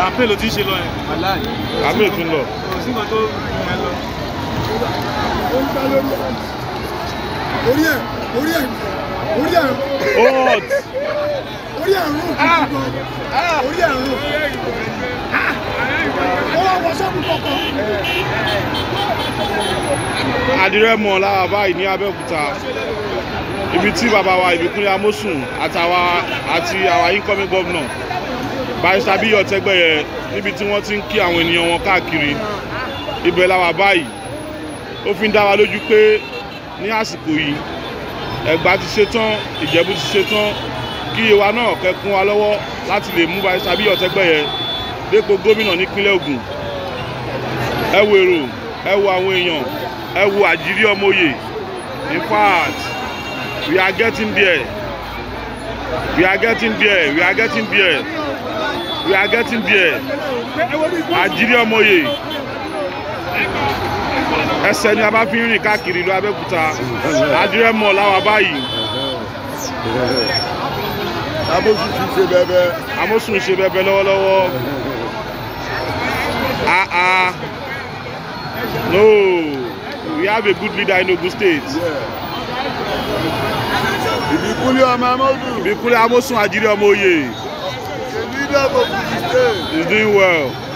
àpè ló ti ṣe lọ yẹn. àpè tún lọ. kò sí nǹkan tó mú ẹ lọ. ó ń gbá lórí ẹ̀ orí ẹ̀ orí ẹ̀ orí ẹ̀. old. orí ẹ̀ rún ah. orí ẹ̀ rún. ó wá wọ sọ́ọ̀bù kọ̀ọ̀kan. àdìrẹ́ mọ̀ lára báyìí ní Abẹ́òkúta ibi tí bàbá wa Ìbíkúnlé Amósùn àtàwa àti àwa incoming governor barista bí ọ̀tẹ́gbẹ́ yẹn níbi tí wọ́n ti ń kí àwọn ènìyàn wọn káàkiri ibẹ̀ la wà báyìí ó fi ń dá wa lójú pé ní àsìkò yìí ẹ̀gbá ti ṣe tán ìjẹ̀bú ti ṣe tán kí yewa náà kẹkún wa lọ́wọ́ láti lè mú barista bí ọ̀tẹ́gbẹ́ yẹn dépò gómìnà nípínlẹ̀ Ògùn ẹ wo èrò ẹ wo àwọn èèyàn ẹ wo àjírí ọmọye in fact we are getting there we are getting there we are getting there. We are getting there. Àjírí ọmọye. Ẹsẹ̀ ni a bá fi ń rìn káàkiri ìlú Abẹ́òkúta. Àjírí ẹ̀mọ́ làwà báyìí. Amósùn ti ṣe bẹ́bẹ́. Amósùn ṣe bẹ́bẹ́ lọ́wọ́lọ́wọ́. Ah ah. No. We have a good leader in Ogun State. Ìbíkúlé ọmọ Amósùn. Ìbíkúlé Amósùn Àjírí ọmọ oyè. He's doing well.